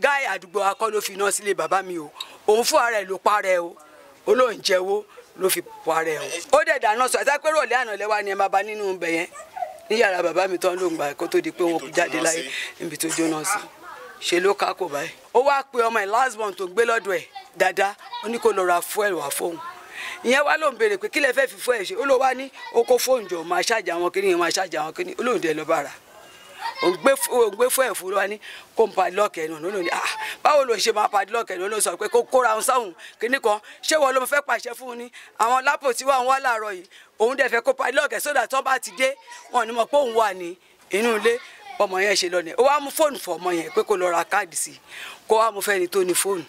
gáì àdúgbò akọ́ ló fi iná sílé bàbá mi o òun fún ara ẹ̀ ló parẹ́ o olóhùn jẹ́wọ́ ló fi parẹ́ o. ó dẹ̀ dáná sọ àti pẹ́rù ọ̀lẹ́ àná lẹ́wà ni ẹ máa ba nínú ibẹ̀ yẹn ní yàrá bàbá mi tán ló ń gbà kó tó di pé wọn kò jáde láyé níbi tó jóná sí ṣe ló ká kò báyìí. ó wá pe ọmọ ẹ̀ last born tó gbé lọ́dọ̀ ẹ̀ dáadáa ó ní kó lọ ra fuel wá fóun ìyẹn wá ló ń béèrè pé kí lẹ fẹ́ fi fuel ṣe ó ló wá ní ó kó fóun jọ máa ṣàjà wọn kí ni máa ṣàjà wọn kí ni olóhùn dẹ̀ lọ́ bára ògbé fún ẹ̀fúrú wa ní kó n padlock ẹ̀ nù ní ah báwo ló ṣe máa padlock ẹ̀ ló sọ pé kó kóra ọ̀hún sáhùn kínní kan ṣé wọ́n ló fẹ́ pàṣẹ fún un ní àwọn lápò tí wọ́n wá láàárọ̀ yìí òun dẹ̀ fẹ́ kó padlock ẹ̀ sódà tó bá ti dé wọn ni mọ̀ pé òun wà ní inú ilé ọmọ yẹn ṣe lọ́nà ó wá mú fóònù fún ọmọ yẹn pé kó lọ ra káàdì sí kó wá mú fẹ́ni tó ní fóònù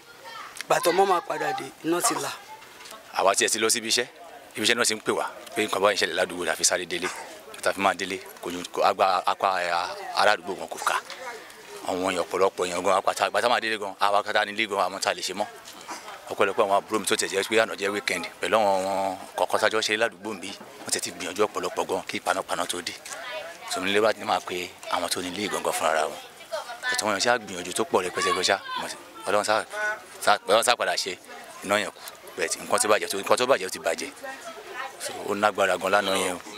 bàtọ́ mọ́ máa padà dé iná ti là. àwa tiẹ̀ ti lọ síbi iṣẹ́ ibi iṣẹ́ náà ti ń pè wá pé nǹkan báyìí ṣẹlẹ̀ ládùúgbò la fi sáré délé tàfi máa délé kò agba apá aládùúgbò wọn kò ká àwọn èèyàn ọ̀pọ̀lọpọ̀ èèyàn gan apàtà àgbàtà máa délé gan àwọn akátá nílé gan àwọn tá a lè ṣe mọ́ ọ̀pọ̀lọpọ̀ àwọn àbúrò mi tó tẹ̀jẹ́ pé àná jẹ́ wíkẹ́ndì pẹ̀lú àwọn kọ̀ọ̀kan tájọ́ ṣe ládùúgbò mi wọ́n ti ti gbìyànjú ọ̀pọ̀lọpọ̀ gan kí panápaná tó dé tòun nílé bá ti máa pe àwọn tó nílé gangan fúnra wọn ẹ̀tọ́ wọn yàn ṣá gbìyànjú tó pọ̀ rẹpẹtẹ gan ṣá ọlọ́run sá padà ṣe iná yẹn kù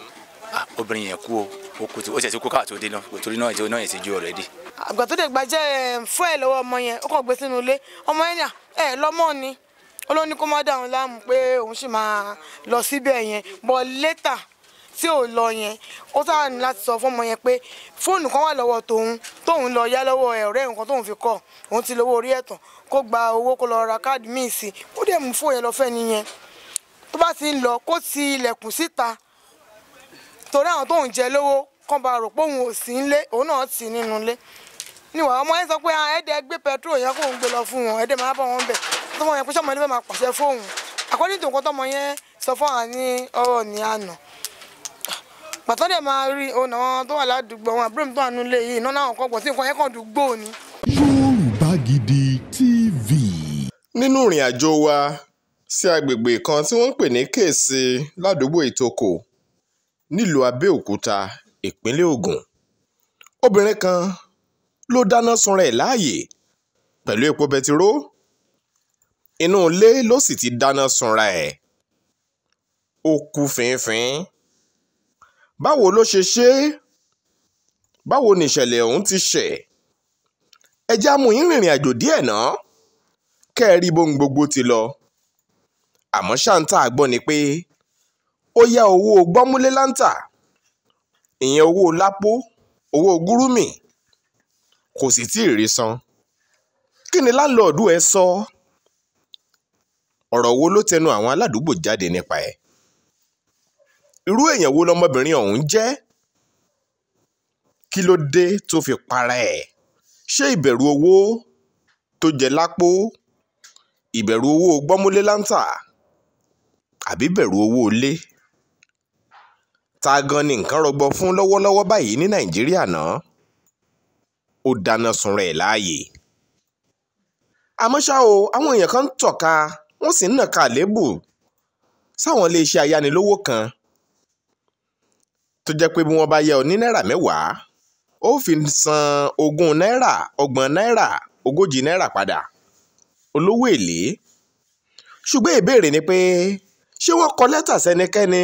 Ah, obìnrin yẹn kú o ó kú ó tẹ̀sí kú káà tó dé náà torí náà ìjọ náà yẹn ti ju ọ̀rẹ́ dé. àgbà tó dé gbajẹ́ eh, fún ẹ̀ lọ́wọ́ ọmọ yẹn ó kàn gbé sínú ilé ọmọ yẹn yà ah, ẹ̀ lọ́mọ ni olóní kó má dáhùn láàmú pé òun sì máa lọ síbẹ̀ yẹn bọ́ létà tí ò lọ yẹn ó sáà ní láti sọ fún ọmọ yẹn pé fóònù kan wà lọ́wọ́ tòun tóun lọ yá lọ́wọ́ ọ̀rẹ́ nǹkan tóun fi kọ̀ òun ti lówó orí ẹ̀tàn kó gba owó kó lọ ra káàdì míì sí kó dẹ̀ mú fóònù yẹn lọ nìyẹn tó bá ti ń lọ kó ti ilẹ̀kùn síta torí àwọn tóun jẹ lówó kàn bá rò pé òun ò sí nílé òun náà sì nínú ilé níwà ọmọ yẹn sọ pé ẹ̀ẹ́dẹ̀ gbé pẹtrol yẹn kóun gbé lọ fún wọn ẹ̀ẹ́dẹ̀ máa bá wọn bẹ̀ tọmọ yẹn pé sọmọ yẹn fẹ́ máa pàṣẹ fóun àkọ́ni tó nǹkan tọmọ yẹn sọ fún wa ní ọ̀rọ̀ ní àná pàtó dẹ̀ máa rí ọ̀nà tó wà ládùúgbò àwọn àbúrò mi tó wà nílé yìí iná náà kọ́gbọ̀n TV. nínú ìrìn àjò wa sí agbègbè kan tí wọ́n ń pè ní Kéèsì ládùúgbò Ìtòkò nílùú àbẹ̀òkúta ìpínlẹ̀ ogun obìnrin kan ló dáná sunra ẹ̀ láàyè pẹ̀lú epo bẹtiró inú ilé ló sì ti dáná sunra ẹ̀ ó kú fínfín báwo ló ṣe ṣe báwo nìṣẹ̀lẹ̀ ọ̀hún ti ṣẹ̀ ẹ já mú yín rìnrìn àjò díẹ̀ náà kẹ́ ẹ rí bóun gbogbo ti lọ àmọ́ ṣáńtà gbọ́ ni pé ó yá owó gbọ́múlé ìyẹn owó lápò owó gúrúmì kò sì tí ì rí san kí ni láńlọ́ọ̀dù ẹ sọ ọ̀rọ̀ wo ló tẹnu àwọn aládùúgbò jáde nípa ẹ̀ irú èèyàn wo lọmọbìnrin ọ̀hún jẹ́ kí ló dé tó fi para ẹ̀ ṣé ìbẹ̀rù owó tó jẹ lápò ìbẹ̀rù owó gbọ́múlé láńtà àbí bẹ̀rù owó ilé ta gan ni nǹkan rọgbọ fún lọ́wọ́lọ́wọ́ báyìí ní nàìjíríà ná ó dáná sun rẹ̀ láàyè. àmọ́ ṣá o àwọn èèyàn kan ń tọ̀ka wọ́n sì ń nàka àlébù sáwọn iléeṣẹ́ ayánilówó kan tó jẹ́ pé bí wọ́n bá yẹ ọ ní náírà mẹ́wàá ó fi san ogún náírà ọgbọ̀n náírà ogójì náírà padà olówó èlé ṣùgbọ́n ìbéèrè ni pé ṣé wọ́n kọ lẹ́tà sẹ́nikẹ́ni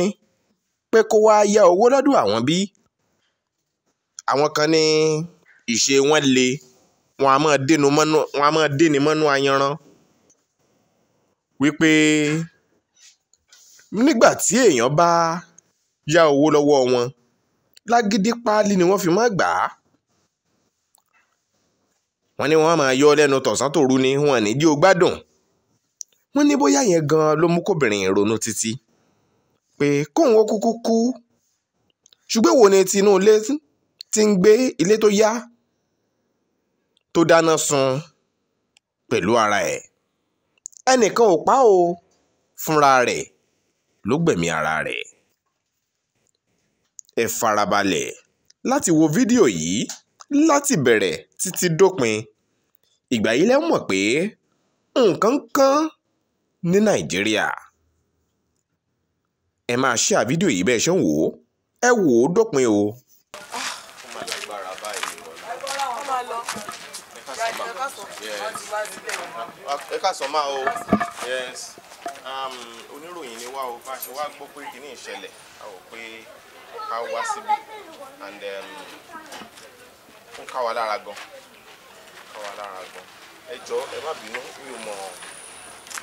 pé kó wáá yá owó lọ́dọ̀ àwọn bí àwọn kan ní ìṣe wọn le wọn a máa dénú mọ́nú wọn a máa déni mọ́nú ayanran wípé nígbà tí èèyàn bá yá owó lọ́wọ́ wọn lágídí páálí ni wọ́n fi máa gbà á wọ́n ní wọ́n máa yọ lẹ́nu tọ̀sán tòru ni wọ́n ní jí o gbádùn wọ́n ní bóyá yẹn gan-an ló mú kóbìnrin ronú títí pé kóun ó kúkú kú ṣùgbọ́n èwo ni tinú ilé tí ń gbé ilé tó yá tó dáná sun pẹ̀lú ara ẹ̀ ẹnìkan ò pa o fúnra rẹ̀ ló gbẹ̀mí ara rẹ̀ ẹ farabalẹ̀ láti wo fídíò yìí láti bẹ̀rẹ̀ títí dópin ìgbà yìí lẹ́ mọ̀ pé nǹkan kan ní nàìjíríà ẹ máa ṣe àfídíò yìí bẹ́ẹ̀ ṣe ń wò ó ẹ wò ó dópin o. ẹ káàsán máa o um, oníròyìn ni wá o bá ṣe wá gbọ́ pé kìíní ìṣẹ̀lẹ̀ a ò pé ká wá síbí and um, ká wa lára gan ká wa lára gan ẹ jọ ẹ má bínú mi ò mọ̀ ọ́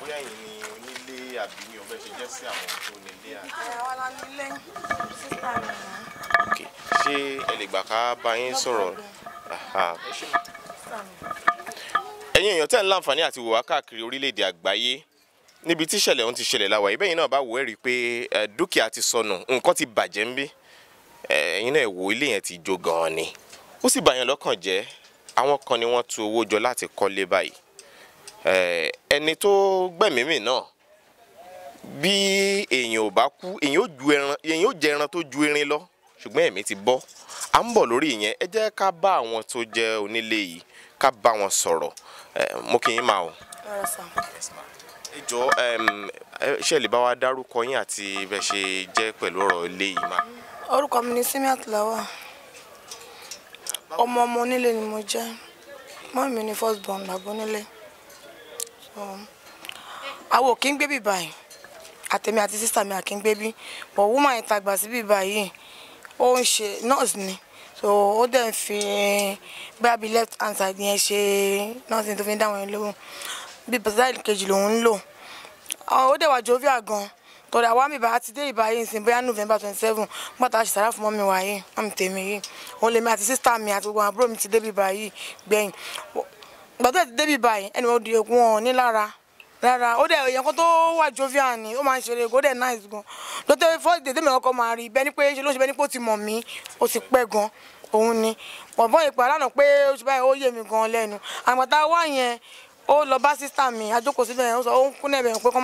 bóyá ẹ̀yin ni onílé àbí mi ò bẹ́ẹ̀ ṣe jẹ́ sí àwọn tó nílé àti. àwa la nílé sísá mi. ṣé ẹ lè gbà ká bá yín sọ̀rọ̀? ẹ̀yin èèyàn tẹ́ ń láǹfààní àti wò wá káàkiri orílẹ̀-èdè àgbáyé níbi tí ìṣẹ̀lẹ̀ ọ̀hún ti ṣẹlẹ̀ láwa ìbẹ́yìn náà bá wò ẹ́ rí i pé dúkìá ti sọnù nǹkan ti bàjẹ́ ń bí ẹ̀yin náà wò ilé yẹn ti jó gan-an ni ó sì bàyàn lọ́kàn jẹ́ àwọn kan ni wọ́n tu owó jọ láti kọ́lé báyìí ẹni tó gbẹ̀mí mì náà bí èèyàn ò bá kú èèyàn ò jẹ ẹran tó ju erin lọ ṣùgbọ́n ẹ̀mí ti bọ́ à ń bọ̀ lórí ìyẹn ẹ jẹ́ ká bá àwọn tó jẹ́ onílé yìí ká bá wọn sọ̀rọ̀ mo kì í máa o. ẹ jọ bá wa dárúkọ yín àti bẹ ṣe jẹ́ pẹ̀lú ọ̀rọ̀ ilé yìí mà. orúkọ mi ni Simiat Lawal ọmọ ọmọ onílé ni mo jẹ́ mọ́ mi ni first born bàbá onílé àwọn òkè ń gbé bì báyìí àtẹ̀mí àti sísà mi àkè ń gbé bí but woman yẹn tagbà sí bì báyìí ó ń ṣe nurse ni so ó dẹ̀ ń fi bóyá bíi left hand side yẹn ṣe nurse tó fi ń dáwọn yẹn lóhùn bíi brazil kejì lòun ń lò ó dẹ̀ wà jovial gan tọ́lá àwa mi bá ti dé ìbáyé nsìn bóyá november twenty seven pátá ṣe sàrà fún mọ́mi wáyé mọ́mi tèmi yìí òun lèmi àti sísà mi àti gbogbo àbúrò mi ti dé ìbáyé gbẹ̀yìn gbàtọ́ ti débi báyìí ẹni wọ́n di ègún ọ̀ ní lára rárá ó dẹ̀ èèyàn kan tó wà jovial ni ó máa ń ṣeré ó dẹ̀ nice gan lọ́tẹ̀ first day tèmi ọkọ máa rí bẹ́ẹ̀ ni pé ṣe ló ṣe bẹ́ẹ̀ ni pé ó ti mọ̀ mí ó ti pẹ́ gan òun ni bọ̀bọ́n ìpè alánà pé ó ṣe báyìí ó yé mi gan lẹ́nu àgbàtà wá yẹn ó lọ bá sísà mi àjókòó síbẹ̀ ó sọ ó kún ẹ̀bẹ̀ pé kọ́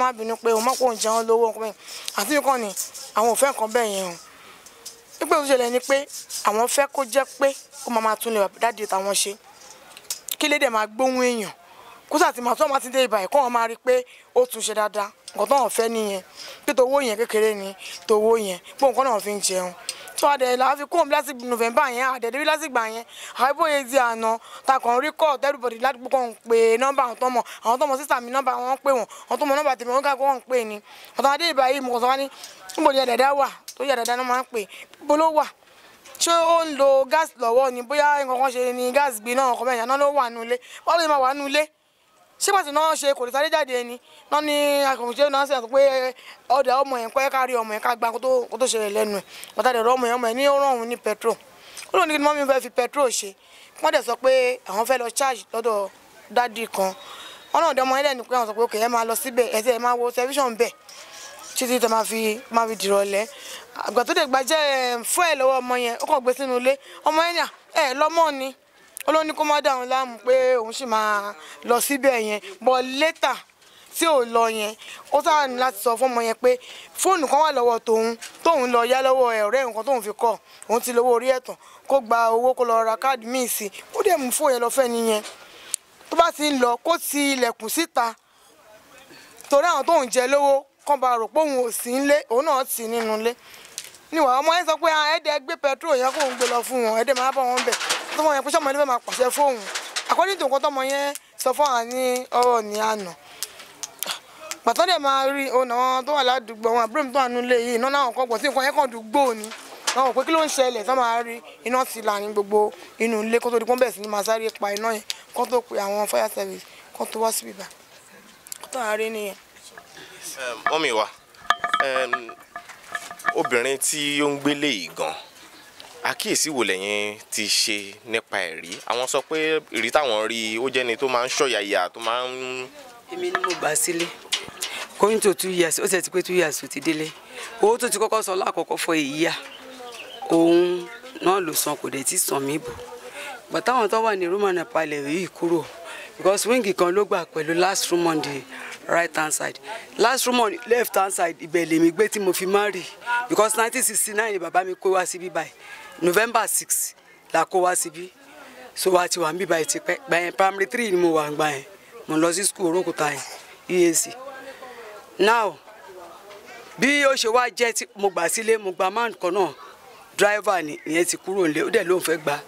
máa kílé dẹ̀ máa gbóhùn èèyàn kó sàtì màá tó ọmọ ti dé ibà ẹ̀kọ́ wọn máa rí i pé ó tún ṣe dáadáa nǹkan tó wọn fẹ́ nìyẹn pé towó yẹn kékeré ni towó yẹn pé nǹkan náà fi ń jẹun tó adẹ̀ là á fi kóhùn lásìkò nọ́vẹ́mbà yẹn àdẹ̀dẹ̀ bí lásìgbà yẹn àìbóye di àná takàn rí kọ́ everybody ládùúgbò kan pé nọ́mbà àwọn tọmọ àwọn tọmọ sísà mi nọ́mbà wọn pè wọ́n àwọn tọmọ nọ́mbà tèmi wọn kà wọ́n pè ní ọ̀tàn adé ìbáyé mọ̀kọ́sọ́ wá ṣé ó ń lo gáàsì lọ́wọ́ ni bóyá nǹkan ṣe ni gáàsì gbé náà nǹkan mẹ́rin ló wà nù ilé wọ́n lè máa wà nù ilé ṣé pàṣẹ náà ṣe kò lè sáré jáde ni náà ni akọ̀ǹṣe náà ṣe àtúntò pé ọmọ yẹn pẹ́ kárí ọmọ yẹn ká gba kó tó ṣẹlẹ̀ lẹ́nu ẹ̀ bàtà dẹ̀rọ ọmọ yẹn ọmọ yẹn ní ó ràn ní petrol ó lóun ní mọ́mí fẹ́ fi petrol ṣe wọ́n dẹ̀ sọ pé àwọn fẹ́ lọ charge lọ́dọ̀ dádì kan ọlọ́run dẹ́mọ ẹlẹ́ni pé àwọn sọ pé ok ẹ máa lọ síbẹ̀ ẹ̀sẹ̀ ẹ máa wo television bẹ́ẹ̀ títí tó máa fi máa fi àgbà tó dẹ̀ gbajẹ́ eh, fún ẹ̀ lọ́wọ́ ọmọ yẹn ó kàn gbé sínú ilé ọmọ yẹn ah, ẹ̀ lọ́mọ ni olóní kó má dá láàmú pé òun sì máa lọ síbẹ̀ yẹn bọ́ létà tí ò lọ yẹn ó sáà ní láti sọ fún ọmọ yẹn pé fóònù kan wà lọ́wọ́ tòun tóun lọ yá lọ́wọ́ ọ̀rẹ́ nǹkan tóun fi kọ̀ òun ti lówó orí ẹ̀tàn kó gba owó kó lọ ra káàdì míì sí ó dẹ̀ mú fóònù yẹn lọ fẹ́ nìyẹn tó bá ti ń lọ kó ti ilẹ̀kùn síta torí àwọn tóun jẹ lówó kàn bá rò pé òun ò sí nílé òun náà sì nínú ilé níwà ọmọ yẹn sọ pé ah, ẹdẹ gbé pẹtrol yẹn kó òun gbé lọ fún wọn ẹdẹ máa bá wọn bẹ tọmọ yẹn pé sọmọ yẹn fẹ́ máa pàṣẹ fóun àkọ́ni tó nǹkan tọmọ yẹn sọ fún wa ní ọ̀rọ̀ ní àná pàtó dẹ̀ máa rí ọ̀nà wọn tó wà ládùúgbò àwọn àbúrò mi tó wà nílé yìí iná náà kọ̀ọ̀kan tí nǹkan yẹn kàn dùgbò ni àwọn òpè kí ló ń ṣẹlẹ̀ tó máa rí iná sí là ní gbogbo inú ilé kó tó di pọ́ńbẹ̀sì ni máa sáré pa iná yẹn kó tó pe àwọn fire service kó tó wá síbí bá kó tó àárín nìyẹn mọ́mì wa obìnrin tí ó ń gbélé yìí gan àkíyèsí wo lẹ́yìn ti ṣe nípa ẹ̀rí àwọn sọ pé ìrí táwọn rí ó jẹ́ni tó máa ń ṣọ̀yàyà tó máa ń. èmi ni mo gbà sílé kóyún tó two years ó sì ti pé two years ó ti délé owó tó ti kọ́kọ́ san lákọ̀ọ́kọ́ fọ èyí yá òun náà ló san kò dẹ̀ ti san mí bò bàtà àwọn tó wà ní roman apalẹ̀ yìí kúrò because wíńgì kan ló gbà pẹ̀lú last monday right hand side last room on left hand side ibẹ̀ lèmi gbé tí mo fi máa rì because nineteen sixty nine ni bàbá mi kó wá síbí báyìí november six la kó wá síbí so wa ti wà ń bí báyìí tipẹ́ gbà yẹn primary three ni mo wà gbà yẹn mo lọ sí school orókùtà yẹn EAC now bí ó ṣe wá jẹ́ tí mo gbà sílé mo gba man kan náà driver ni ìyẹn ti kúrò nílé ó dẹ̀ ló ń fẹ́ gba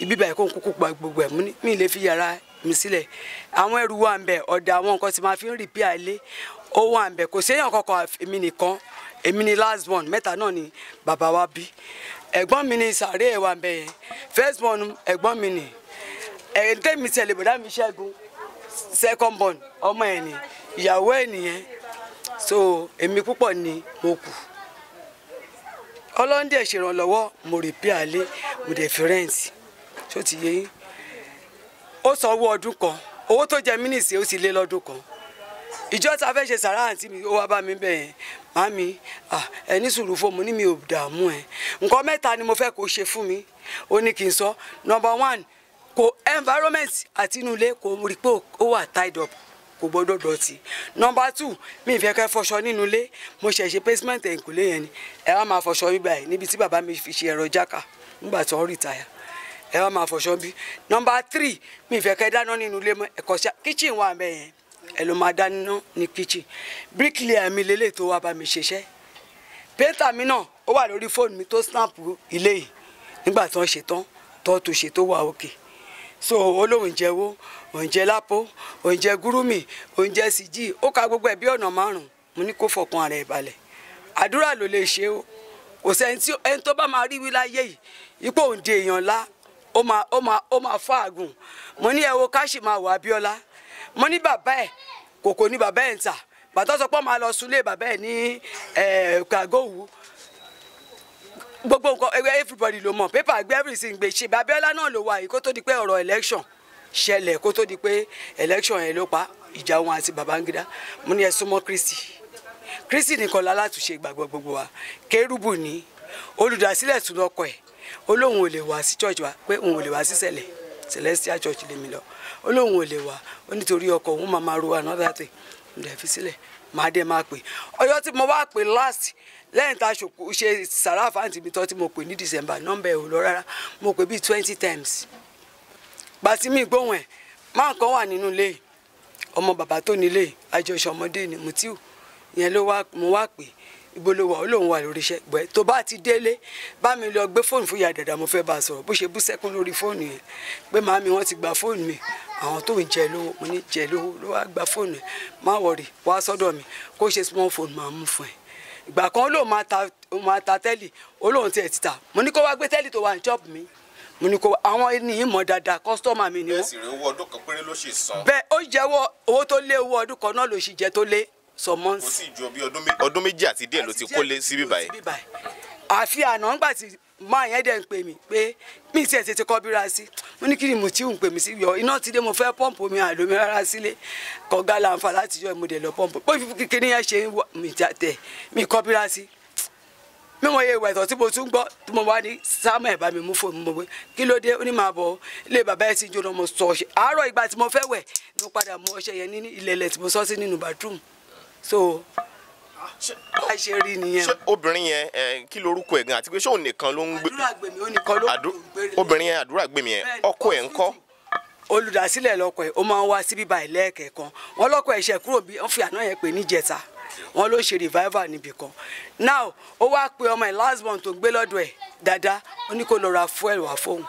ibi báyìí kó ń kúkú gba gbogbo ẹ̀ mi lè fi yàrá mi sílẹ̀ àwọn ẹrù wà ń bẹ̀ ọ̀dà àwọn nǹkan tí màá fi ń rìpíà ilé ó wà ń bẹ̀ kò sí èèyàn kankan èmi nìkan èmi ni last born mẹ́ta náà ni bàbá wa bí ẹ̀gbọ́n mi ni sàárè wà ń bẹ̀ yẹn first born ẹ̀gbọ́n mi ni ẹ̀ẹ́dẹ́ mi tẹ̀lé bọ̀dá mi ṣẹ́gun second born ọmọ ẹ̀ ni ìyàwó ẹ̀ nìyẹn so èmi púpọ̀ ni mo kù ọlọ́ndẹ̀ ṣèrànlọ́wọ́ mo rìpíà ilé mo dẹ̀ fi rẹ́ǹtì tó ti yé yín ó san owó ọdún kan owó tó jẹ mínísì ó sì lé lọ́dún kan ìjọ ta fẹ́ ṣe sàrà àǹtí mi ó wá bá mi bẹ́ẹ̀ màmí ẹ ní sùúrù fún mi ní mi ò dààmú ẹ nǹkan mẹ́ta ni mo fẹ́ kó ṣe fún mi ó ní kí n sọ number one kò environment àti inú ilé kò rí pé ó wà tied up kò gbọ́dọ̀ dọ̀tí number two mi ìfẹ́ kẹ́ fọṣọ nínú ilé mo ṣẹ̀ ṣe basement ẹ̀yìnkùlé yẹn ni ẹ wá máa fọṣọ bíbá ẹ̀ níbi tí bàbá mi fi ṣe ẹ̀rọ jákà nígbà tó ń rìtáyà ẹ wá máa fọṣọ bí nọmba tírì mi ìfẹ́ kẹ́ dáná nínú ilé mọ́ ẹ̀kọ́ sí kíchìn wa bẹ́ẹ̀ yẹn ẹ ló máa dáná ní kíchìn bíríkìlìà mi lélẹ̀ tó wá bá mi ṣiṣẹ́ péńtà mi náà ó wà lórí fóònù mi tó snap ilé yìí nígbà tó ń ṣetán tó tó ṣe tó wà òkè so olóhùn jẹ wo oúnjẹ lápò oúnjẹ gúrúmì oúnjẹ síjì ó ka gbogbo ẹ bí ọ̀nà márùn-ún mo ní kó fọkàn ara ẹ̀ balẹ̀ àdúrà ló lè ṣe o kò sẹ́ni tó bá máa rí wí láyé yìí ipò òǹde èèyàn lá ó máa ó máa ó máa fáàgùn mo ní ẹ wo káṣí máa wọ Abíọ́lá mo ní bàbá ẹ kòkò ní bàbá ẹ ń tà bàtọ́ sọ pé ó máa lọ sunlé bàbá ẹ ní kàgóòwú gbogbo nǹkan everybody ló mọ̀ pépà gbé everything gbé ṣe Abíọ́lá náà ló wà yìí kó tó di pé ọ̀rọ̀ election ṣẹlẹ̀ kó tó di pé election yẹn ló pa ìjà òun àti Babangida mo ní ẹ súnmọ́ Kristi Kristi nìkan lálátúnṣe ìgbàgbọ́ gbogbo wa kérúbù ní olùdásílẹ̀ tún lọ́kọ̀ ẹ̀ ó lóun ò lè wá sí church wa pé òun ò lè wá sí sẹ̀lẹ̀ celestial church lèmi lọ ó lóun wá ó nítorí ọkọ̀ òun máa máa ro another thing ǹdẹ̀ fi sílẹ̀ màá dé máa pè ọjọ́ tí mo wá pè last lẹ́yìn tá a ṣe sàrà àfáǹtì mi tán tí mo pè ní december number ẹ̀ ò lọ rárá mo pè bíi twenty times gbàtí mi gbóhùn ẹ̀ máa kàn wà nínú ilé ọmọ bàbá tó nílé àjọṣe ọmọdé ni Mutiu yẹn ló wá mo wá pè ibo ló wà ó lóun wà lórí iṣẹ́ gbẹ tó bá ti délé bá mi lọ gbé fóònù fún ìyá dàda mo fẹ́ bá a sọ̀rọ̀ bó ṣe bú sẹ́kún lórí fóònù yẹn pé màámi wọ́n ti gba fóònù mi àwọn tó ń jẹ lówó mo ní jẹ lówó ló wá gba fóònù ẹ má wọrí wá sọ́dọ̀ mi kó ṣe small phone máa mú fún ẹ ìgbà kan lóun máa ta máa ta tẹ́lì olóhùn tiẹ̀ ti ta mo ní kó wá gbé tẹ́lì tó wà ní chop mi mo ní kó àwọn ènìyàn mọ̀ dáadáa kọ́sítọ́mà mi ni wọ́n. bẹ́ẹ̀ sì rí owó ọdún kan péré ló ṣe san. bẹ́ẹ̀ ó jẹ́wọ́ owó tó lé owó ọdún kan náà ló ṣì jẹ́ tó lé some months. ó sì jọ bí ọdún méjì àti díẹ̀ ló ti kólé síbí báyìí. àfi àná ńgbà tí máa yẹn dẹ̀ ń pè mí pé mi tiẹ̀ tètè kọ́ bíra sí mo ní kí ni mo ti ń pè mí sí yọ iná ti dé mo fẹ́ pọ́ǹpù mi àlómi rárá sílé kọ̀ọ̀gá làǹfà láti yọ ìmúdẹ̀ lọ pọ́ǹpù bó fi kíkiri yẹn ṣe mi tẹ̀ mi kọ́ bíra sí mi wọ́n yẹ ìwà ìtọ̀ tí mo tún gbọ́ tí mo wá ní Samuel bá mi mú fóònù mo wé kí ló dé ó ní máa bọ̀ ilé bàbá ẹ̀ sì jóná mo sọ ọṣẹ àárọ̀ ìgbà tí mo fẹ́ wẹ̀ mo padà mú ọṣẹ yẹn ní ilẹ̀lẹ̀ tí mo sọ sí nínú bathroom so bá ṣe rí nìyẹn. ṣé obìnrin yẹn kí lorúkọ ẹ̀ gan àti pé ṣé òun nìkan ló ń gbé. àdúrà gbèmí ó nìkan ló ń gbé. obìnrin yẹn àdúrà gbèmí yẹn ọkọ ẹ̀ ń kọ́ olùdásílẹ̀ lọ́kọ̀ ẹ̀ ó máa ń wá síbí báyìí lẹ́ẹ̀kẹ̀kan wọn lọ́kọ̀ ẹ̀ṣẹ̀ kúrò bí wọ́n fi àná yẹn pè ní jẹta wọn ló ṣe revival níbì kan now ó wá pe ọmọ ẹ̀ last born tó ń gbé lọ́dọ̀ ẹ̀ dáadáa ó ní kó lọ ra fuel wá fóun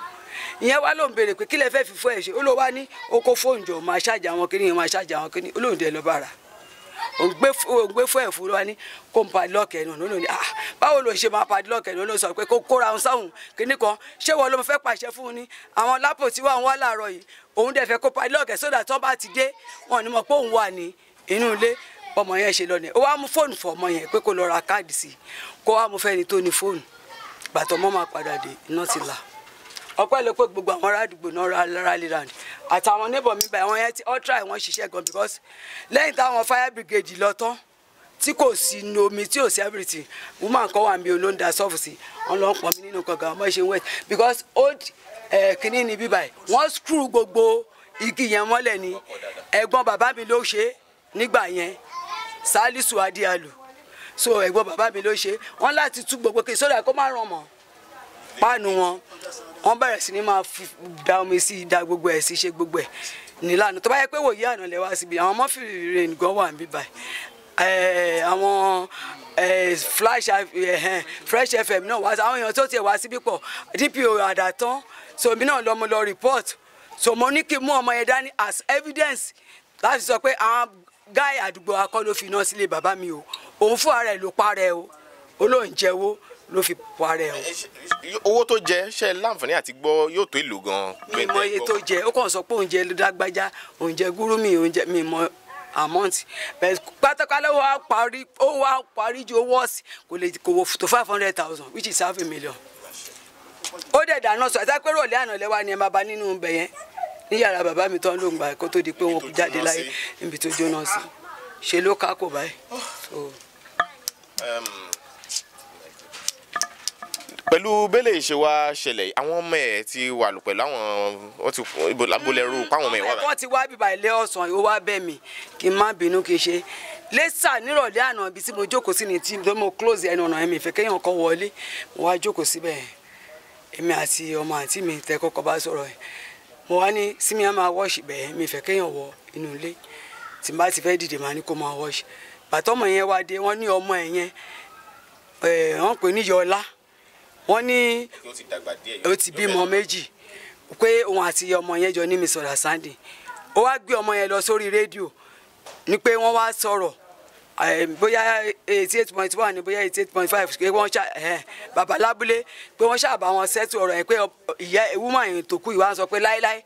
ìyẹn wá ló ń béèrè pé kí lè fẹ́ fi fuel ṣe ó lọ wá ní ó kó fóun jọ máa ṣàjà wọn kí ni máa ṣàjà wọn kí ni ó lóun dẹ̀ lọ́ bára ògbé fún ẹ̀fọ́ wa ní kó n padlock ẹ̀nu ọ̀nà ní ah báwo ló ṣe máa padlock ẹ̀nu ọ̀nà sọ pé kó kóra ọ̀hún sáwọn kìnnì kan ṣé wọ́n ló fẹ́ pàṣẹ fún un ní àwọn lápò tí wọ́n wá láàárọ̀ yìí òun dẹ̀ fẹ́ kó padlock ẹ̀ sódà tó bá ti dé wọn ni mọ̀ pé òun wà ní inú ilé ọmọ yẹn ṣe lọ ní ó wá mú fóònù fún ọmọ yẹn pé kó lọ ra káàdì sí kó wá mú fẹ́ni tó ní fóònù bàtọ́ mọ́ máa padà dé iná ti là ọpẹ́lọpẹ́ gbogbo àwọn ará àdúgbò náà rally round àtàwọn neighbor mi báyìí wọn yẹn ti ultra wọn ṣiṣẹ́ gan because lẹ́yìn táwọn fire brigade lọ tán tí kò sí nu omi tí ò sí everything woman kan wà mí o ló ń da sọ́ọ̀fù sí wọn lọ ń pọ̀ mí nínú kankan ọmọ ìṣe wet because old eh, kìnìún ni bíbáyìí wọ́n screw gbogbo igi yẹn mọ́lẹ̀ ni ẹ̀gbọ́n bàbá mi ló ṣe nígbà yẹn Salisu Adialu so ẹ̀gbọ́n bàbá mi ló ṣe wọ́n láti tú gbogbo kì í sódà kó má ràn páànù wọn wọ́n bẹ̀rẹ̀ sí ni máa fi da omi sí da gbogbo ẹ̀ sí ṣe gbogbo ẹ̀ nílànà tó bá yẹ pé wòye àná lẹ wá síbi àwọn mọ́fìlì rẹ̀ nìkan wà níbí báyìí àwọn flash fresh fm náà wá àwọn èèyàn tó tiẹ̀ wá síbí pọ̀ dpo àdàtán so èmi náà lọ́mọ lọ report so mo ní kí n mú ọmọ yẹn dání as evidence láti sọ pé àwọn guy àdúgbò akọ́lófin náà sílé bàbá mi o òun fún ara ẹ̀ ló para o olóhùn jẹ́wọ́ ló fi pọ ara ẹ o. owó tó jẹ ṣe láǹfààní àti gbọ́ yóò tó èlò gan. mi mọ iye tó jẹ ó kàn sọ pé oúnjẹ ló dágbájá oúnjẹ gúrúmì oúnjẹ mi mọ amount bẹ́ẹ̀ pátákálẹ wa parí ó wa parí ju owó ọsì kò lè kò wò tó five hundred thousand which is half a million. ó dẹ̀ dáná sọ àti pé rọ̀lẹ́ àná lẹ́wà ni ẹ máa bá nínú ibẹ̀ yẹn ní yàrá bàbá mi tán ló ń gbà kó tó di pé wọn jáde láyé níbi tó jóná sí ṣe ló ká kò báyìí. Oh pẹ̀lú bẹ́lẹ̀ ìṣèwà ṣẹlẹ̀ àwọn ọmọ ẹ̀ ti wà lù pẹ̀lú àwọn wọ́n ti ibo lábólẹ́rú páwọn ọmọ ẹ̀ wà báyìí. wọ́n ti wá bíbá ilé ọ̀sán ó wá bẹ̀ mí kí n má bínú kí n ṣe lẹ́sà nírọ̀lẹ́ àná ibi tí mo jókòó sí ni tí mo close ẹnu ọ̀nà ẹ̀mí ìfẹ́ kéèyàn kan wọlé mo wá jókòó síbẹ̀ èmi àti ọmọ àǹtí mi tẹ kọ́kọ́ bá sọ̀rọ̀ ẹ̀ mo wá ní sími á máa wọ́ọ̀ṣì bẹ́ẹ̀ mi ìfẹ́ kéèyàn wọ inú ilé tí n bá ti fẹ́ dìde màá ní kó máa wọ́ọ̀ṣì bàtọ́mọ yẹn wá dé wọ́n ní ọmọ ẹ̀ yẹn wọ́n pè ní yọlá wọ́n ní ó ti bímọ méjì pé òun àti ọmọ yẹn jọ ní Miss Understanding ó wá gbé ọmọ yẹn lọ sórí rédíò ni pé wọ́n wá sọ̀rọ̀ bóyá eighty eight point one ni bóyá eighty eight point five pé wọ́n ṣá bàbá lábúlé pé wọ́n ṣàbà wọn sẹ́tù ọ̀rọ̀ yẹn pé ìyá woman yìí tó kú ìwà sọ pé láéláé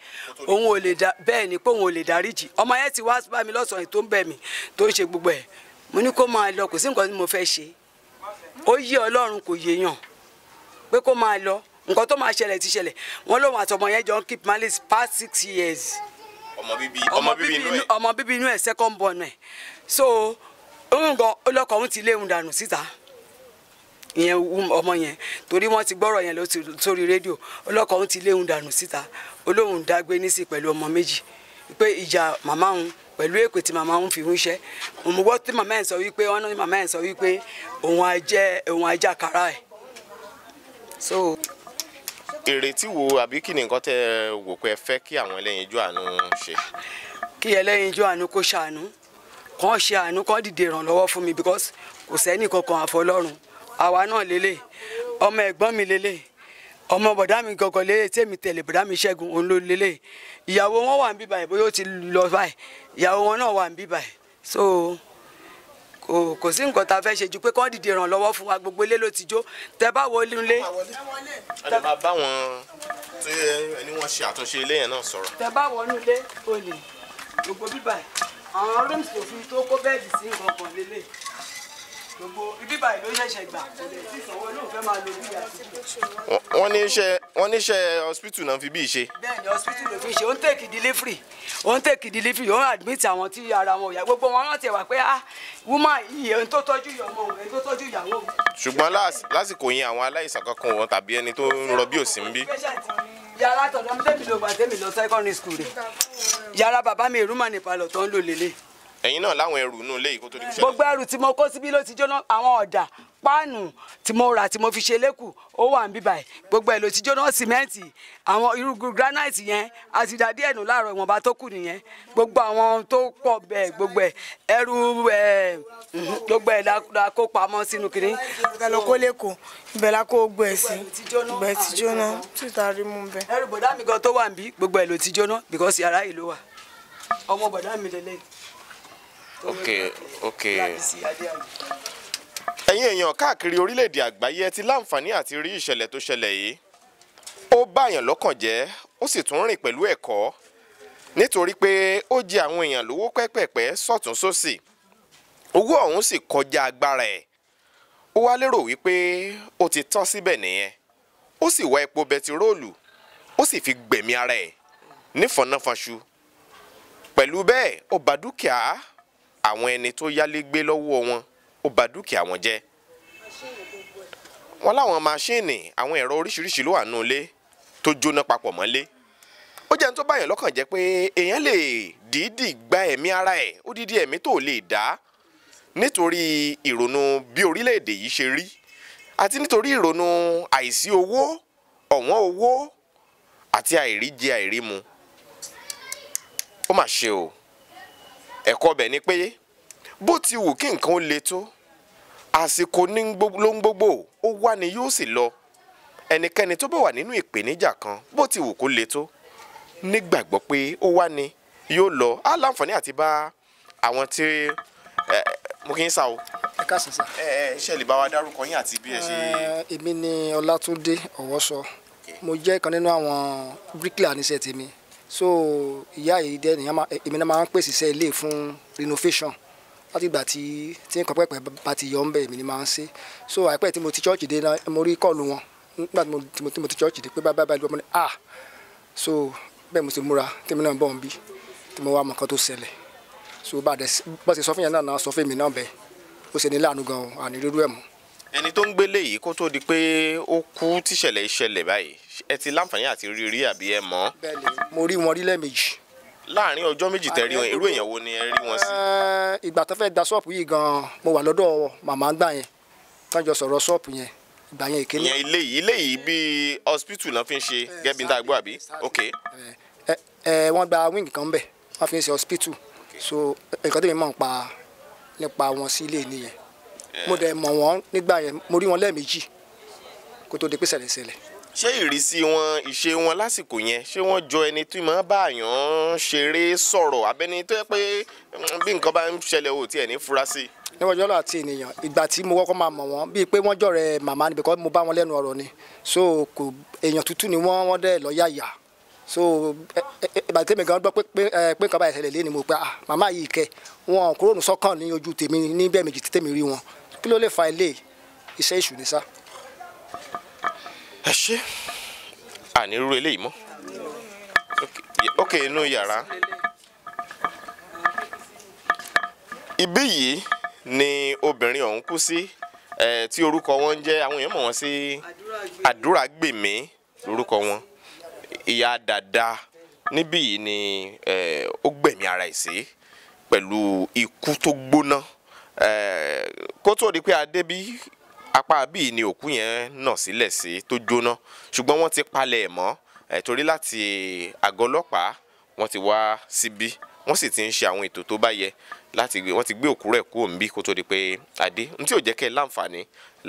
òun ò lè dá bẹ́ẹ̀ ni pé òun ò lè dáríjì ọmọ yẹn ti wá bá mi lọ́sàn-án yìí tó ń bẹ̀ mí tó ń ṣe gbogbo ẹ̀ mo ní kó máa lọ kò sí nǹkan tí mo fẹ́ ṣe ó yé ọlọ́run kò yéèyàn pé kó máa lọ nǹkan tó máa ṣẹlẹ̀ ti ṣẹlẹ̀ wọ́n lóun àtọmọ yẹn jọ ń keep malice past six years. ọmọ bíbí ọmọ bíbí inú ẹ ọmọ bíbí inú ẹ second born ẹ so òun gan olọkọ òun ti lé òun dànù síta ìyẹn ọmọ yẹn torí wọ́n ti gbọ́rọ̀ yẹn sórí rédíò olọkọ òun ti lé òun dànù síta olóhùn dágbé nísì pẹ̀lú ọmọ méjì pé ìjà màmá òun pẹ̀lú èpè tí màmá ń fi ń ṣe òmùgbọ́ tí màmá ẹ̀ sọ wípé wọ́n ní màmá ẹ̀ sọ wípé òun ajẹ́ òun ajá kara ẹ̀ so ìrètí wo àbí kí ni nǹkan tẹ́ wò pé ẹ fẹ́ kí àwọn ẹlẹ́yinjú àánú ṣe. kí ẹlẹ́yinjú àánú kó ṣàánú kàn ṣe àánú kàn dìde ìrànlọ́wọ́ fún mi because kò sẹ́ni kankan àfọlọ́run àwa náà lélẹ̀ ọmọ ẹ̀gbọ́n mi lélẹ̀ ọmọ bọ̀dá mi gangan lélẹ̀ tèmi tẹ̀lé bọ̀dá mi ṣẹ́gun òun ló lélẹ̀ ìyàwó wọn wà ń bíbáyìí bóyá ó ti lọ báyìí ìyàwó wọn náà wà ń bíbáyìí so kò sí nǹkan tá a fẹ́ ṣe ju pé kọ́ dìde ìrànlọ́wọ́ fún wa gbogbo ilé ló ti jó tẹ bá wọlé nílé. ẹ máa bá wọn tí ẹni wọn ṣe àtúnṣe ilé yẹn náà sọ̀rọ̀. tẹ bá wọnú ilé olè gbogbo bíbà àwọn rooms tó tó kó bẹ́ẹ̀dì sí nǹkan kan lélẹ̀ gbogbo ibi báyìí ló ṣẹ̀ṣẹ̀ gbà kò lè tí ìsanwó náà fẹ́ máa lo bí ìyàtí. wọ́n ní iṣẹ́ wọ́n ní iṣẹ́ hospital náà fi bí ṣe. bẹ́ẹ̀ni hospital ló fi ṣe ó tèkì delivery ó ń tèkì delivery ó ń admit àwọn tí ara wọn ò yá gbogbo wọn rántí wà pé ah woman yìí ẹni tó tọ́jú ìyàwó ẹni tó tọ́jú ìyàwó. ṣùgbọ́n lásìkò yẹn àwọn aláìsàn kankan wọn tàbí ẹni tó ń rọbí òsín bí yàrá tọ̀dọ̀ mi tẹ́mi lọ gbà tẹ́mi lọ secondary school rẹ̀ yàrá bàbá mi ìrúmà nípa lọ tó ń lò lélẹ̀ ẹ̀yin náà láwọn ẹrù inú ilé ìkó tó di. gbogbo ẹrù tí mo kó síbí ló ti jóná àwọn ọ̀dà páànù tí mo rà tí mo fi ṣe lẹ́kù ó wà ń bíbà ẹ̀ gbogbo ẹ̀ ló ti jóná sìmẹ́ǹtì àwọn irúgbìn granite yẹn àti ìdá díẹ̀ nù láàárọ̀ ìwọ̀nba tó kù nìyẹn gbogbo àwọn tó pọ̀ bẹ́ẹ̀ gbogbo ẹ̀ ẹrù ẹ̀ mhm, gbogbo ẹ̀ la kó pamọ́ sínú kiri. ìgbà ló kó lẹ́kọ̀ọ́ ibẹ̀ la kó gbọ́ ẹ̀ sí ibẹ̀ ti jóná títà mú bẹ́ẹ̀. ẹrù bọ̀dá mi gan tó wà ń bí gbogbo ẹ̀ ló ti jóná because yàrá yìí ló wà ọmọ bọ̀dá okay okay. ẹ̀yin èèyàn káàkiri orílẹ̀-èdè àgbáyé ẹ ti láǹfààní àti rí ìṣẹ̀lẹ̀ tó ṣẹlẹ̀ yìí ó báyàn lọ́kàn jẹ́ ó sì tún rìn pẹ̀lú ẹ̀kọ́ nítorí pé ó jẹ àwọn èèyàn lówó pẹ́pẹ̀pẹ́ sọ̀tún sósì owó ọ̀hún sì kọjá agbára ẹ̀ ó wá lérò wípé ó ti tán síbẹ̀ nìyẹn ó sì wá epo bẹtiróòlù ó sì fi gbẹ̀mí ara ẹ̀ nífọ̀nàfọ̀nṣu pẹ̀lú bẹ́ẹ̀ ó bà dúkìá àwọn ẹni tó yálégbé lọ́wọ́ wọn ó ba dúkìá wọn jẹ́ wọn láwọn máṣíìnì àwọn ẹ̀rọ oríṣiríṣi ló wà nù ilé tó jóná papọ̀ mọ́lé ó jẹ́ ní tó báyàn lọ́kàn jẹ́ pé èèyàn lè dìídì gba ẹ̀mí ara ẹ̀ ó dídí ẹ̀mí tó lè dá nítorí ìrònú bí orílẹ̀-èdè yìí ṣe rí àti nítorí ìrònú àìsí owó ọ̀wọ́n owó àti àìríjẹ àìrímu ó mà ṣe o ẹ̀kọ́ bẹ̀ ni pé bó ti wù kí nǹkan ó le tó àsìkò ní ló ń gbogbo ó wá ni yóò sì lọ ẹnikẹ́ni tó bá wà nínú ìpèníjà kan bó ti wù kó le tó nígbàgbọ́ pé ó wá ni yóò lọ á láǹfààní àti bá àwọn tí mo kì í sá o. ẹ káàsán sá. ẹ ẹ ṣe lè bá wa dárúkọ yín àti bí ẹ ṣe. èmi ni Ọlátúndé Ọ̀wọ́sọ mo jẹ́ kan nínú àwọn bíríkìlà níṣẹ́ tèmi so ìyá yìí dẹ́ nìyẹn èmi náà máa ń pèsè iṣẹ́ ilé fún renovation láti ìgbà tí tí nǹkan pẹ́pẹ́ bá ti yọ ọ́nbẹ̀ èmi ni máa ń ṣe so àìpẹ́ tí mo ti chọ́ọ̀chì dé náà mo rí kọ́ọ̀lù wọn nígbà tí mo ti chọ́ọ̀chì dé pé bá báyìí lọ́mọ ní ah so bẹ́ẹ̀ mo ti múra tèmi náà bọ̀ ń bí tí mo wá mọ nǹkan tó ṣẹlẹ̀ so bá a ṣe sọ fún yẹn náà náà sọ fún mi náà bẹ́ẹ̀ ó ṣe ní láàánú gan-an àní rírú ẹ̀ mọ́ ẹni tó ń gbélé yìí kó tó di pé ó kú tíṣẹ̀lẹ̀ ìṣẹ̀lẹ̀ báyìí ẹ ti láǹfààní àti rírí àbí ẹ mọ̀. bẹ́ẹ̀ni mo rí wọn rí lẹ́ẹ̀mejì. láàárín ọjọ́ méjì tẹ rí wọn irú èèyàn wo ni ẹ rí wọn sí. Eh, ìgbà tó fẹ́ da ṣọ́ọ̀pù yìí gan-an mo wà lọ́dọ̀ màmá gbà yẹn tán jọ sọ̀rọ̀ ṣọ́ọ̀pù yẹn ìgbà yẹn ìkéde. ìyẹn ilé yìí ilé yìí bíi hospital náà fi ń ṣe eh, gẹ́bí ń dàgbọ́ àbí ok. ẹ eh, ẹ wọ́n gba wing kan bẹ̀ wọ́n fi ń ṣe hospital so nǹkan tó yẹn mọ̀ nípa nípa wọn sí ilé nìyẹn mo dẹ̀ mọ̀ wọ́n nígbà yẹn mo rí wọn lẹ́ẹ̀mejì kó tó di pé ṣẹlẹ̀ ṣé ìrísí wọn ìṣe wọn lásìkò yẹn ṣé wọ́n jọ ẹni tí máa bá àyàn ṣeré sọ̀rọ̀ abẹ́ni tó yẹ pé mm, bí nǹkan bá ń ṣẹlẹ̀ ò tiẹ̀ ní fura sí i níwájú ọlọ́ àti ènìyàn ìgbà tí mo kọ́kọ́ máa mọ̀ wọ́n bíi pé wọ́n jọ̀rẹ́ màmá ni because mo bá wọn lẹ́nu ọ̀rọ̀ ni so kò èèyàn tútù ni wọ́n wọ́n dẹ̀ lọ yàyà so ìgbà tí èmi gan gbọ́ pé nǹkan bá ìṣẹ̀lẹ̀ lé ni mo pé ah màmá yìí kẹ wọn kúrò ní sọ́kàn ní ojú tèmi ní bẹ́ẹ̀ méjì tèmi rí wọn kí ló lè fa ilé iṣẹ́ ìṣù ni sá ẹ ṣe ànírú eléyìí mọ́ ok inú yàrá ibí yìí ni obìnrin ọ̀hún kú sí tí orúkọ wọn ń jẹ́ àwọn èèyàn mọ̀ wọ́n sí àdúràgbèmí lórúkọ wọn ìyá dàda níbí yìí ni ó gbẹ̀mí ara ẹ̀ sí pẹ̀lú ikú tó gbóná kó tó di pé adébí apá bíi ni òkú yẹn nà sílẹ̀ sí tó jóná ṣùgbọ́n wọ́n ti palẹ̀ ẹ̀ mọ́ ẹ̀ torí láti àgọ́ ọlọ́pàá wọ́n ti wá síbí wọ́n sì ti ń ṣe àwọn ètò tó bá yẹ láti gbé wọ́n ti gbé òkú rẹ̀ kúrò níbí kó tó di pé adé n tí ò jẹ́ kẹ́ ẹ láǹfààní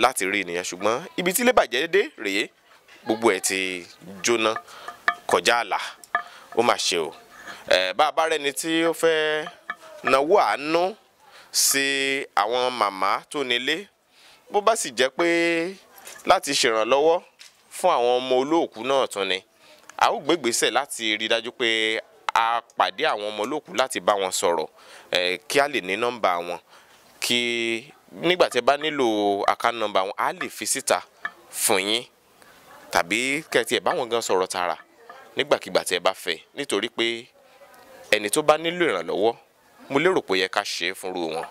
láti rí ènìyàn ṣùgbọ́n ibi tí ilé dé rèé gbogbo ẹ̀ ti jóná kọjá àlà ó mà ṣe o bá a bá rẹni tí ó fẹ́ náwó àánú sí àwọn màmá tó nílé bó bá sì jẹ́ pé láti ṣèrànlọ́wọ́ fún àwọn ọmọ olóòkú náà tún ni a ó gbégbèsè láti rí dájú pé a pàdé àwọn ọmọ olóòkú láti bá wọn sọ̀rọ̀ kí a lè ní nọ́mbà wọn kí nígbà tí ẹ bá nílò account number wọn a lè fi síta fún yín tàbí kẹtì ẹ bá wọn gan sọ̀rọ̀ tààrà nígbàkigbà tí ẹ bá fẹ́ nítorí pé ẹni tó bá nílò ìrànlọ́wọ́ mo lérò pé ó yẹ ká ṣe é fúnru wọn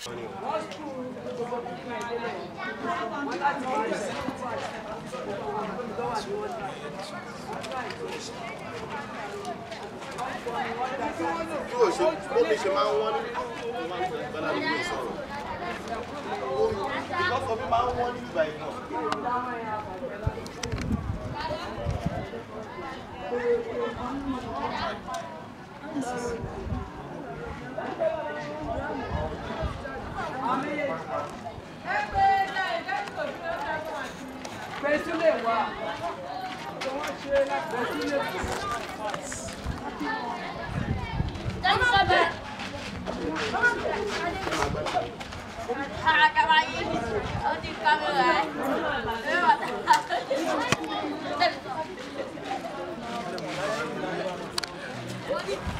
yóò ṣe bóbi ṣe máa ń wọ́n ní gbàdádì ní sọ̀rọ̀ ìkọ́sọ̀ mi máa ń wọ́n ní ìgbà ìkọ̀. Thank you. 还没。哎，对对，咱坐车咱过去。快进来玩。跟我去那电影院。干嘛的？干嘛的？啥玩意？我听他们来。没问他。走。我。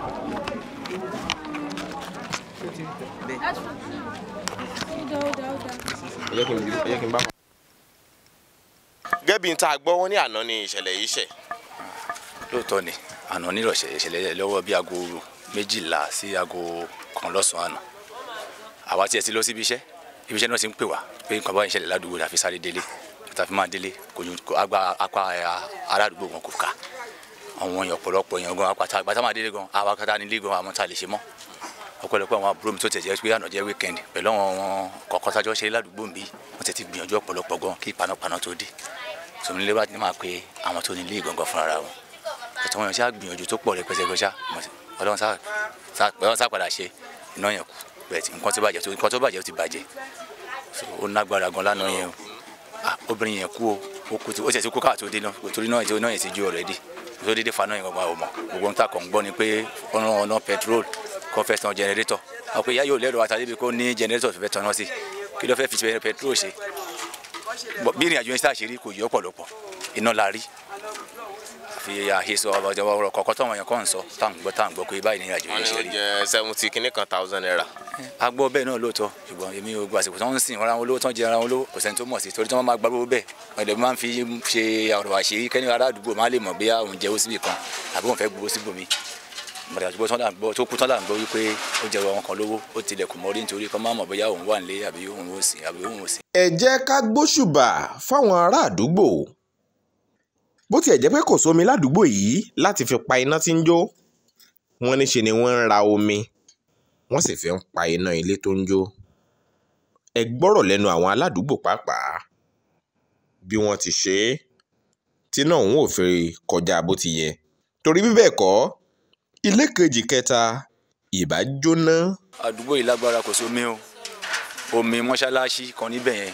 gẹ́bí ta gbọ́ wọn ní àná ni ìṣẹ̀lẹ̀ yìí ṣẹ̀. lóòótọ́ ni àná nírọ̀ṣẹ̀ ìṣẹ̀lẹ̀ yẹn lọ́wọ́ bíi aago méjìlá sí aago kan lọ́sàn-án àná àwa tiẹ̀ ti lọ síbi iṣẹ́ ibi iṣẹ́ náà ti ń pè wá pé nǹkan bá ń ṣẹlẹ̀ ládùúgbò la fi sáré délé ta fi máa délé kò agbá apá aládùúgbò wọn kò ká àwọn èèyàn ọ̀pọ̀lọpọ̀ èèyàn gan apá tá a máa délé gan àwa kátà nílé gan àwọn a lè ṣe mọ́ ọ̀pọ̀lọpọ̀ àwọn àbúrò mi tó tẹ̀jẹ́ pé àná weekend pẹ̀lú àwọn kọ̀ọ̀kan ṣe ládùúgbò mi wọ́n ti ti gbìyànjú ọ̀pọ̀lọpọ̀ gan kí panápaná tó dé tòmílẹ́ bá ti máa pe àwọn tó ní ilé ìgangan fúnra wọn ẹ̀tọ́ wọn ṣáà gbìyànjú tó pọ̀ rẹpẹtẹ gbọ́ṣá ọlọ́run sápadà ṣe iná yẹn kù nǹkan tó bàjẹ́ nǹkan tó bàjẹ́ ti bàjẹ́ ó nágbára gan lánàá yẹn obìnrin yẹn kú kó fẹ́ tan jẹnẹrétọ̀ ọ̀pọ̀ ìyá yóò lẹ́rọ àtàlẹ́ bí kò ní jẹnẹrétọ̀ tó fẹ́ tan náà sí kí ló fẹ́ fi pẹtrol ṣe bí ìrìn àjò yẹn sáà ṣe rí kò yọ ọ̀pọ̀lọpọ̀ iná la rí fi àhesọ ọjọba ọ̀rọ̀ kọkọ táwọn èèyàn kàn ń sọ táwọn gbọ́ táwọn gbọ́ pé báyìí ní ìrìn àjò yẹn ṣe rí. jẹ seventy kìíní kan thousand naira. a gbọ́ bẹ́ẹ̀ náà lóòótọ́ ṣùgbọ́n èmi ò gba àsìkò tí wọ́n ń sìn wọn ara wọn lówó tán jẹ ara wọn lówó kò sẹ́ni tó mọ̀ sí torí tí wọ́n máa gba gbogbo bẹ́ẹ̀ wọ́n lè máa ń fi ṣe ọ̀rọ̀ àṣírí kẹ́ni ará àdúgbò máa lè mọ̀ bí àwọn jẹ́ ó síbì kan àbí wọ́n fẹ́ gbowó síbòmí mọ̀tàṣùgbọ́ sọ́dà gbọ́ tó kú sọ́dà gbọ́ wípé ó jẹ́ wọn kan lówó ó tilẹ̀kùn mọ́rí nítorí kọ́ máa mọ̀ bóyá òun wà nílé àbí òun ò sí àbí òun ò sí. ẹ jẹ́ ká gbóṣùbà fáwọn ará àdúgbò bó tiẹ̀ jẹ́ pé kò sómi ládùúgbò yìí láti fi pa iná tí ń jó wọ́n ní ṣe ni wọ́n ń ra omi wọ́n sì fi ń pa iná ilé tó ń jó ẹ gbọ́rọ̀ lẹ́nu àwọn aládùúgbò pàápàá bí wọ́n ti ṣe é tí náà òun ò fi kọjá bó ti yẹ torí bí kọ́ ilé kejì kẹta ìbá jóná. àdúgbò yìí lágbára kò sí omi o omi mọ́ṣáláṣí kan níbẹ̀ yẹn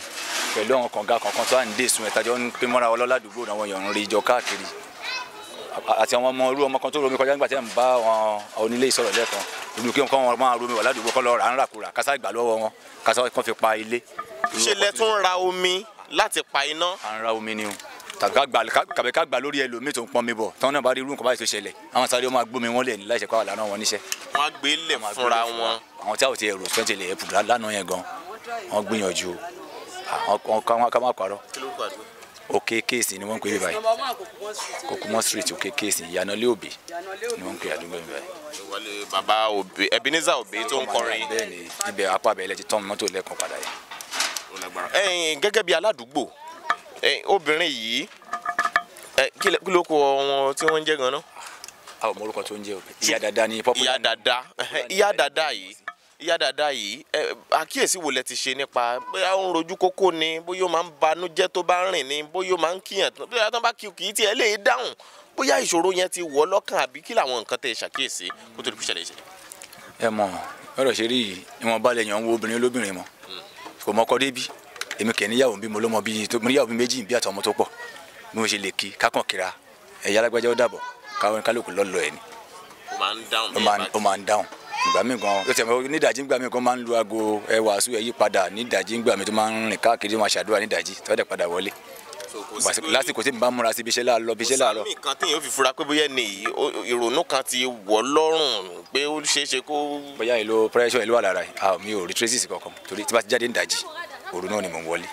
pẹ̀lú àwọn kànga kankan tó à ń dé sun ẹ̀ tajọ́ ń pé mọ́ra wọn lọ́ládùúgbò àwọn èèyàn ń rí jọ káàkiri àti àwọn ọmọ irú ọmọ kan tó romi kọjá nígbà tí ẹ̀ ń bá àwọn onílé ìsọ̀rọ̀ lẹ́ẹ̀kan omi kí wọ́n máa romi wà ládùúgbò kọ́ lọ rà ń ràkúrà kásá ìgbà lọ́wọ́ wọn kásá kan pa ilé. ṣe lẹ tún ra omi láti pa iná. à ń ra omi ni o tàbí kàbí ká gbà lórí ẹlòmíì tó ń pọn mi bọ̀ táwọn náà bá rí irú nǹkan báyìí tó ṣẹlẹ̀ àwọn sáré ọmọ agbómi wọn lẹ̀ ní láìsẹ̀ pàwọ́ lànà wọn níṣẹ́. wọn á gbé lẹ̀ fúnra wọn. àwọn tí a ò ti ẹ̀rọ sọ́ọ́ ti ẹ̀pù lánàá yẹn gan wọn gbìyànjú àwọn ká má parọ́. òkè kéèsì ni wọ́n ń pè é báyìí kòkúmọ́ street òkè kéèsì ìyànàlé òbí ni wọ́n ń pè àdúgbò mi báyìí. bàbá òbí Ebenezer òbí tó ń kọrin. bẹ́ẹ̀ ni ibẹ̀ apá abẹ́lẹ̀ ti tán mọ́tò gẹ́gẹ́ bí aládùúgbò obìnrin yìí kí ló kọ wọn tí wọ́n ń jẹ́ gan-an. a ò mọ orúkọ tó ń jẹ o ìyá dada ni popular. ìyá dada ìyá dada yìí ìyá dada yìí àkíyèsí wo lẹ ti ṣe nípa bóyá ó ń rojú kókó ni bóyá ó máa ń banújẹ́ tó bá rìn ni bóyá ó máa ń kíyàn bóyá tó bá kí kì í tiẹ̀ lè dáhùn bóyá ìṣòro yẹn ti wọ̀ lọ́kàn àbí kí làwọn nǹkan tẹ ṣàkíyèsí kó tó lè fi ṣẹlẹ̀ ẹ mọ ọ̀rọ̀ ṣe rí ìwọ̀nba lẹ́yìn ọ̀hún obìnrin olóbìnrin hmm. mọ kò mọkọ débi èmi kẹ̀ níyàwó bí mo lọ́mọ bíi mo níyàwó bíi méjì ń bí àtọmọ tó pọ̀ bí mo ṣe lè kí kákàn kíra ẹ̀yà alágbájá ó dàbọ̀ káwọn kálukú lọ́lọ́ ẹ̀ ni. ó máa ń dáhùn ìgbà mi gan ó ti ẹ̀ ní ìdajì ńgbà mi gan máa ń lu aago ẹ wàásù ẹ yí padà ní ìdajì ńgbà mi tó máa ń rìn káàkiri máa ṣàdúrà ní ìdajì tó dẹ̀ padà wọlé lásìkò tí n bá múra sí ibi iṣẹ́ láàlọ́ ibi iṣẹ́ láàlọ́. ọ̀sán mi kan tí yóò fi fura pé bóyá ni ìrònú kan ti wọ̀ lọ́rùn pé ó ṣeé ṣe kó. bóyá ìlò pressure ìlú àlàrà mi ò rí traces kankan torí tí bá ti jáde ń dajì òru ni mò ń wọlé.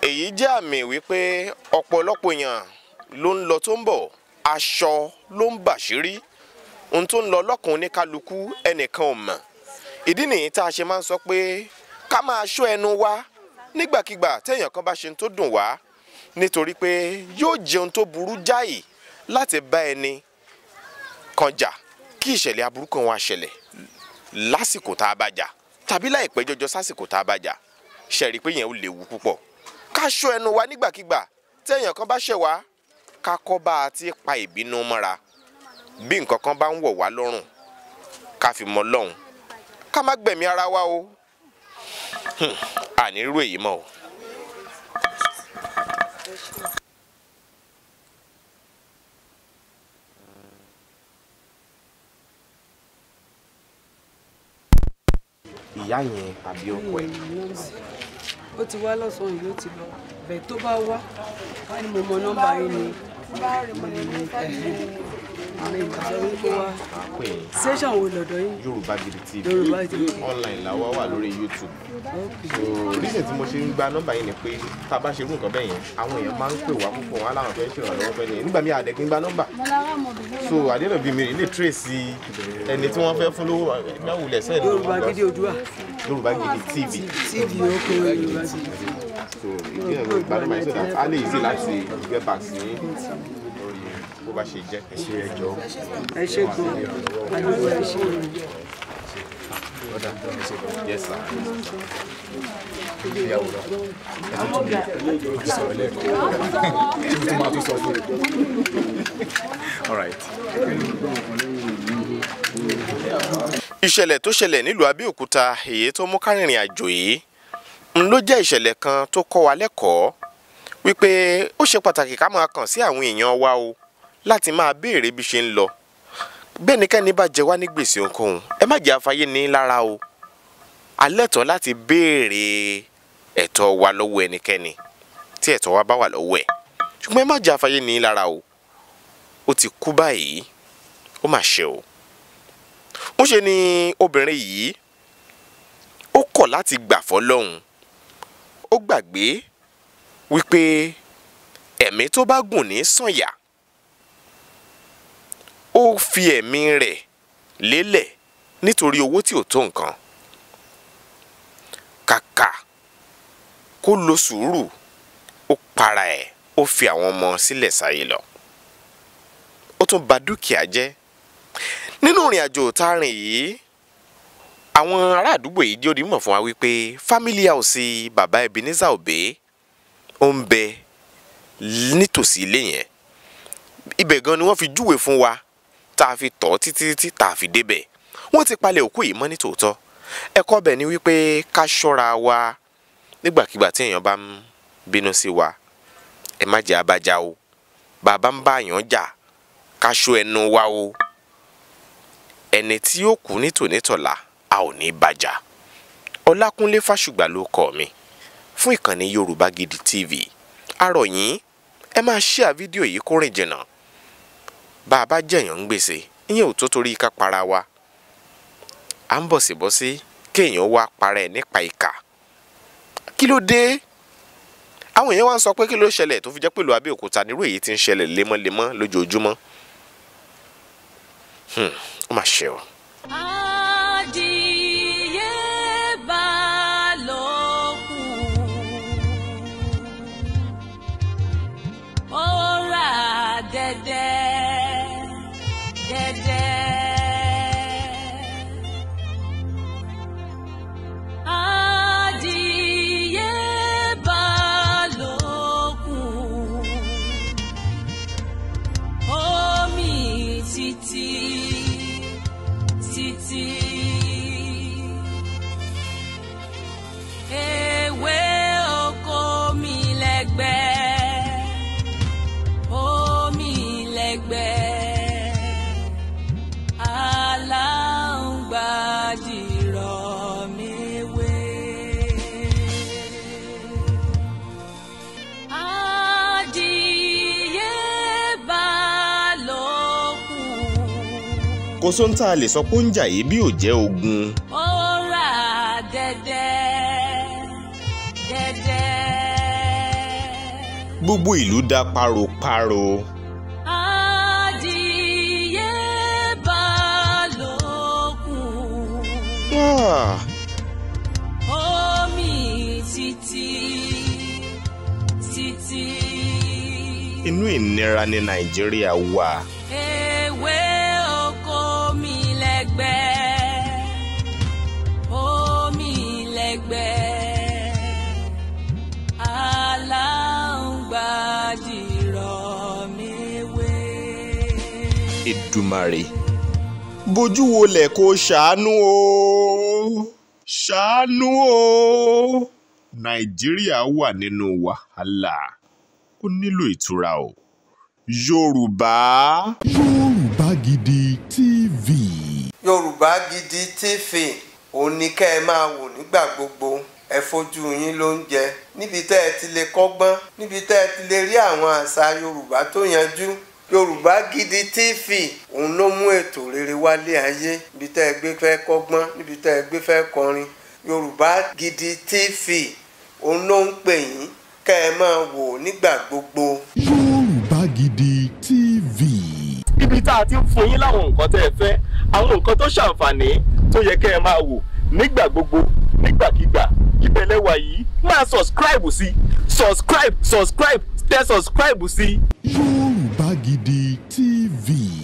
èyí jẹ́ àmì wípé ọ̀pọ̀lọpọ̀ èèyàn ló ń lọ tó ń bọ̀ aṣọ ló ń bàṣírí ohun tó ń lọ lọ́kùnrin ní kálukú ẹnìkan ò mọ̀ ìdí nìyí tá a ṣe máa ń sọ pé ká máa ṣọ́ ẹnu wa nígbàkigbà téèyàn kan bá ṣe tó dùn wá nítorí pé yóò jẹun tó burú jáì láti bá ẹni kan jà kí ìṣẹ̀lẹ̀ aburú kan wá ṣẹlẹ̀ lásìkò tá a bá jà tàbí láìpẹ́ jọjọ sásìkò tá a bá jà ṣe rí i pé yẹn ó léwu púpọ̀ ká ṣọ́ ẹnu wa nígbàkigbà tí èèyàn kan bá ṣẹ̀ wá ká kọ́ bá a ti pa ìbínú mọ́ra bí nǹkan kan bá ń wọ̀ wá lọ́rùn ká fi mọ́ lọ́hùn ká má gbẹ̀mí ara wa o àní hmm, rírò èyí mọ́ o. ìyá yẹn tàbí ọkọ ẹ̀. ó ti wá lọ́sàn-án yìí ó ti lọ bẹ́ẹ̀ tó bá wá wá ní mo mọ nọ́mbà yìí ni sẹ́sàn wo lọ́dọ̀ yín. yorùbá gidi tv yorùbá gidi tv online la wá wà lórí youtube so reason tí mo ṣe ń gba nọ́mbà yìí ni pé tá a bá ṣe irú nǹkan bẹ́ẹ̀ yẹn àwọn èèyàn máa ń pè wá púpọ̀ wọn aláwọn fẹ́ ṣe ìrànlọ́wọ́ fẹ́ nìyẹn nígbà mi àdẹ́gbẹ́ gba nọ́mbà so àdéhùn bíi mi lè trace ẹni tí wọ́n fẹ́ fún lówó náà wulẹ̀ sẹ́ẹ̀ yorùbá gidi oduwa yorùbá gidi tv tv ó kó yorùbá gidi so ìdí ẹ̀rọ ìgbàlùmọ̀ ẹ̀ sọ́dà á lè easy láti get back sí orí bó bá ṣe jẹ́ ẹ ṣe ẹjọ́ ẹ ṣe gan àdúgbò ẹ ṣe ọ̀dà yes sir ìyàwó rẹ ẹ tún tún lè sọ̀rọ̀ lẹ́ẹ̀kan ibi tó máa tún sọ fún ẹ all right ìṣẹ̀lẹ̀ tó ṣẹlẹ̀ nílùú Abẹ́òkúta èyí tó mú kárìnrìn àjò yìí n ló jẹ́ ìṣẹ̀lẹ̀ kan tó kọ́ wa lẹ́kọ̀ọ́ wípé ó ṣe pàtàkì ká máa kàn sí àwọn èèyàn wa o láti máa béèrè bí ṣe ń lọ bẹ́nikẹ́ni bá jẹ wá ní gbèsè ohunkóhun ẹ má jẹ́ àfàyè ní lára o alẹ́tọ̀ọ́ láti béèrè ẹ̀tọ́ wa lọ́wọ́ ẹnikẹ́ni tí ẹ̀tọ́ wa bá wà lọ́wọ́ ẹ̀ ṣùgbọ́n ẹ má jẹ́ àfàyè ní lára o ó ti kú báyìí ó mà ṣe o ó ṣe ni obìnrin yìí ó kọ̀ láti gbà fọ́ lọ́hùn-ún ó gbàgbé wípé ẹ̀mí tó bá gùn ní sànyà ó fi ẹ̀mí rẹ̀ lélẹ̀ nítorí owó tí ò tó nǹkan kàkà kó lo sùúrù ó para ẹ̀ ó fi àwọn ọmọ sílẹ̀ sáyé lọ ó tún ba dúkìá jẹ́ nínú ìrìn àjò tá a rìn yìí àwọn ará àdúgbò yìí jẹ́ onímọ̀ fún wa wípé family house bàbá Ebenezer Obey ó ń bẹ nítòsí ilé yẹn ibẹ̀ gan ni wọ́n fi júwe fún wa tá a fi tọ̀ títí títí tá a fi débẹ̀ wọ́n ti palẹ̀ òkú yìí mọ́ ní tòótọ́ ẹ̀kọ́ bẹ̀ ni wípé ká ṣọ́ra wa nígbàkigbà tí èèyàn bá ń bínú sí wa ẹ má jẹ́ abájá o bàbá ń bá èèyàn jà ká ṣọ́ ẹnu wa o ẹni tí yóò kú nítònítọ̀la a ò ní bàjá ọlákúnlé fásùgbà ló kọ mi fún ìkànnì yorùbá gidi tv arọyìn ẹ máa ṣí à fídíò yìí kó rìn jìnnà bá a bá jẹyàn ń gbèsè ìyẹn ò tó torí ká para wa à ń bọ̀sibọ́sí kéèyàn wá para ẹ̀ nípa ìkà kí ló dé àwọn èèyàn wá ń sọ pé kí ló ṣẹlẹ̀ tó fi jẹ́ pé abẹ́òkúta nírú èyí tí ń ṣẹlẹ̀ lemọ́lemọ́ lójoojúmọ́ hmm, ó mà ṣe o. Ah! ṣoṣo ń tá a lè sọ pé ó ń jà yìí bí ò jẹ́ ogun. ó rà dẹ́dẹ́ dẹ́dẹ́. gbogbo ìlú dá páropáro. adìyẹ bá lókun. omi títí títí. inú ìnira ni nàìjíríà wà. Èdùmàrè bójú wolẹ̀ kó ṣàánú o ṣàánú o Nàìjíríà wà nínú wàhálà ó nílò ìtura o Yorùbá. Yorùbá Gidi TV. Yorùbá Gidi TV òun ni kẹ́ ẹ máa wò nígbà gbogbo ẹ fojú yín ló ń jẹ níbi tẹ́ ẹ ti lè kọ́gbọ́n níbi tẹ́ ẹ ti lè rí àwọn àṣà Yorùbá tó yanjú yorùbá gidi tv òun ló mú ètò rere wálé ayé ibi tá ẹ gbé fẹ́ kọ́gbọ́n níbi tá ẹ gbé fẹ́ kọrin yorùbá gidi tv òun ló ń pè yín kẹ́ ẹ máa wò nígbà gbogbo. yorùbá gidi tv. ibi tá a ti ń fún yín láwọn nǹkan tẹ́ ẹ fẹ́ àwọn nǹkan tó ṣàǹfààní tó yẹ kẹ́ ẹ máa wò nígbà gbogbo nígbàkigbà ìbẹ̀lẹ̀ wà yìí máa subscribe sí subscribe subscribe tẹ subscribe sí. Yorùbá Gidi TV.